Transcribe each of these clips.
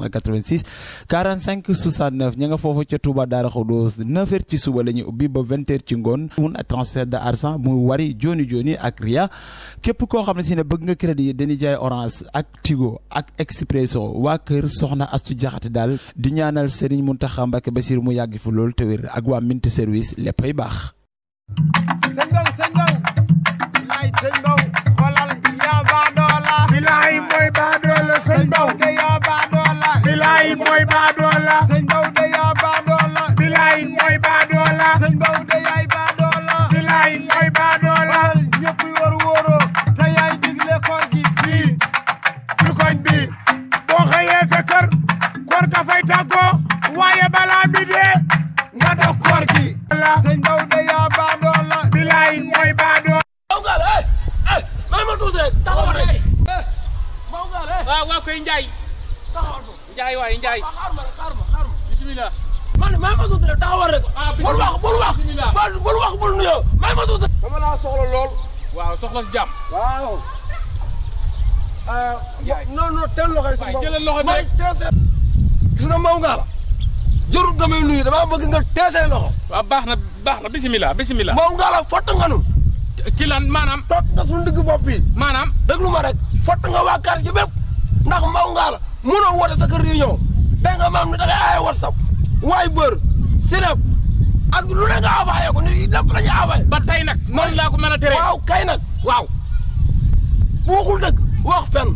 386 45 69 ña nga foofu ca Touba Daara Khoudous 9h ci suba la ñu ubbi ba 20h ci ngoon mun transfert de argent muy wari joni joni ak ria képp koo xam ne si ne bëgg nga crédit yi dañuy jaay orange ak tigo ak expresso waa kër soxna astu jaxate daal di ñaanal Serigne Mountakha ba Bassir mu yàgg fi loolu te wér ak waa Mint service léppay baax sëñ Ndaw sëñ Ndaw bilaay mooy baadoola sëñ Daouda yaa baadoola bilaay mooy baadoola sëñ Daouda yaay baadoola bilaay mooy baadoola ñëpp war wóoroo te yaay digle koor gi fii ci koñ bi boo xëyee sa kër koor ka fay tàggoo waaye balaa bi dee nga dog koor gi sëñ Daouda yaa baadoola bilaay mooy baadoola eh, eh, eh. waaw waaw koy Njaay Ndiaye waay Ndiaye. waaw xaaral ma xaaral ma xaaral rek ah, bul wax bul wax. bul wax bul nuyoo maa ma suutu. dama laa soxla lool. waaw soxla si jàmm. waaw. Ah, teel loxo yi. waay jëlal loxo gis na Mbawu Ngalla. jarul nga nuyu damaa bëgg nga teesee loxo. waaw baax na baax na bisimilah bisimilah. Mbawu Ngalla nun ci lan maanaam. toog nga suñu digg bopp yi. maanaam déglu ma rek. fott waa quartier bépp ndax Mbawu Ngalla. mënoo woote sa kër réunion da nga maam ne da ngay aaye whatsapp waay bër sinap ak lu ne nga avayé ko ni lépp la ñu avayé ba tey nag noonu laa ko mën a tere waaw kay nag waaw bu waxul dëgg wax fen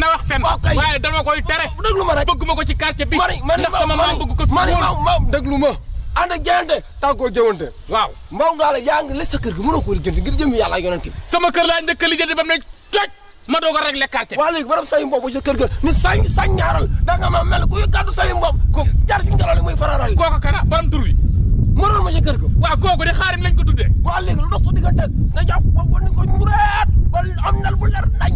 na wax fen waaye dama koy tere déglu ma rek bëgg ma ko ci quartier bi mani mani ndax sama maam bëgg ko fi mani maam déglu ma ànd ak jëwante tàggoo jëwante waaw mbaw ngaa la yaa ngi les sa kër gi mënoo ko lijjanti ngir jëm yàlla ak yonent bi sama kër laa njëkk a lijjanti ba ma doog a réglé quartier waaw léegi borom sayu mboobu sa kër ga ni sañ sañ ñaaral da nga ma mel kuy gàddu sayu mboob ko jaar si ngelaw li muy fararal kooku kana borom tur wi mënoon ma sa kër ga waaw kooku di xaarim lañ ko tuddee waaw léegi lu dox sa diggante nga jàpp boobu ni ko ñureet ba am nal bu leer nañ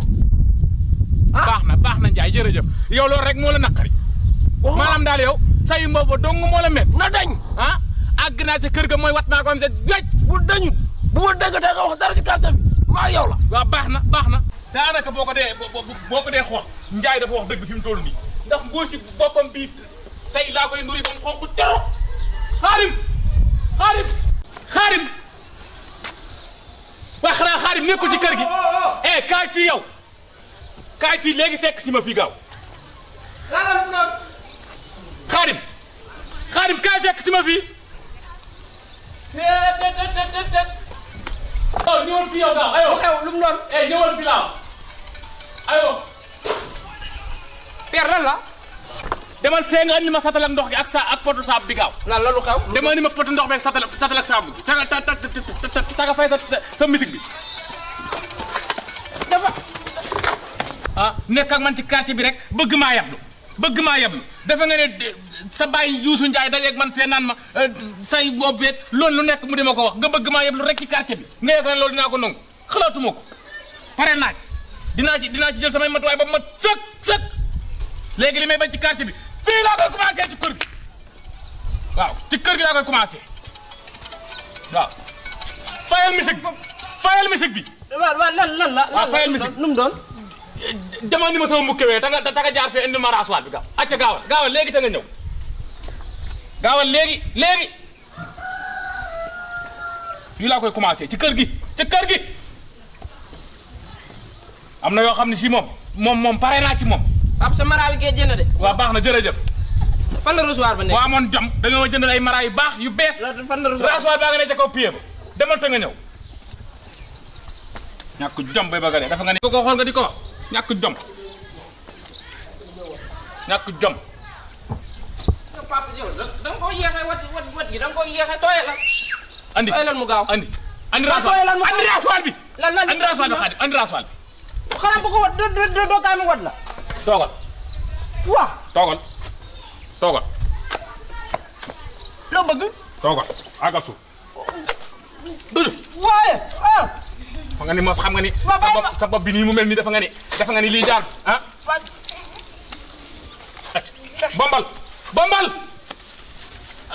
ah. baax na baax na Ndiaye jërëjëf yow loolu rek moo la naqari maanaam daal yow sayu mboobu dong moo la met na dañ ah àgg naa ca kër ga mooy wat naa ko am sa gej bu dañut bu ma dëggatee nga yow baax na baax na daanaka boo ko dee boo ko dee xool Njaay dafa wax dëgg fi mu toll nii ndax ngóor si boppam bii tey laa koy nuri doon xonq torop xaarim xaarim xaarim waa xanaa xaarim nekkul ci kër gi eh kaay fii yow kaay fii léegi fekk si ma fii gaaw xaarim xaarim kaay fekk si ma fii oh, ñëwal fii yow gaaw aywa xew lu mu doon eh ñëwal fii laa ayo père lan la. demal fee nga andi ma satal ndox gi ak sa ak potu saabu bi gaaw. lan la lu xaw. demal andi ma potu ndox beeg satal satal ak saabu bi taga taga fay sa sa musique bi. dafa ah nekk ak man ci quartier bi rek bëgg maa yablu bëgg maa yablu dafa nga ne sa bàyyi Youssou Ndiaye daleeg man fee naan ma euh, say boobu beeg loolu lu nekk mu dema ko wax nga bëgg maa yablu rek ci quartier bi nga yegg loolu dinaa ko nangu xalaatuma ko pare naaj. dinaa ci dinaa ci jël samay matuwaay ba mu mat sëkk sëkk léegi li may bañ ci quartier bi fii laa ci waaw ci kër gi laa koy commencé waaw fayal musique bi fayal musique bi. waaw waaw lan lan la. waaw fayal mu doon. demal ni ma sama mbukkewee ta nga jaar fee indi ma raasuwaat bi gaaw acca léegi ta nga léegi léegi fii laa koy commencé ci kër gi ci kër gi. am na yoo xam ne si moom moom moom pare naa ci moom. Pape sa maraayu gee jënd de. waaw baax na jërëjëf. fan la rasoir ba nekk. boo amoon jom da nga ma ay maraay yu baax yu bees. fan la rasoir baa nga ne ca kaw pied ba demal nga ñëw. ko xool nga di ko wax ñàkk jom ñàkk da koo yéexee wat wat wat gi da nga koo yéexee tooye la. andi tooye lan mu gaaw andi. bi. lan lan bi xaadim andi rasoir bi. xanaa bu ko wat doo doo doo kaa mi wat la. toogal. waaw toogal toogal. loo bëgg. toogal àggal suuf. waaye ah. fa nga ni mos xam nga ni. ma bàyyi ma sa bopp bi nii mu mel nii dafa nga ni dafa nga ni lii jaar ah. bombal bombal.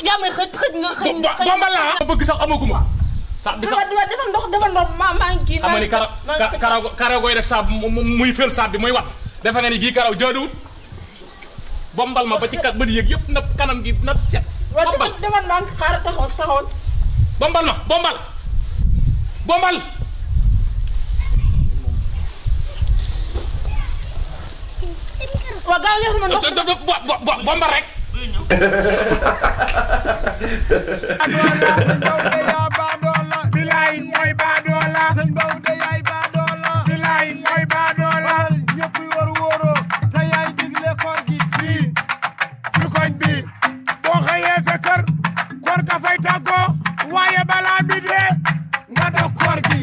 yaa may xëj xëj nga xëj. bombal la ah. bëgg sax amaguma. sa bi sax dafa ndox dafa ndox maa maa ngi kii xam karaw karaw karaw def saab muy fël saab bi muy wat defe nga ni gii karaw jaaduwut bombal ma ba ci kat ba di yëg yëpp gi na set bombal dafa ndànk xaar ma bombal bombal waaw bombal rek koor ka fay waaye balaa bi nga dog koor gi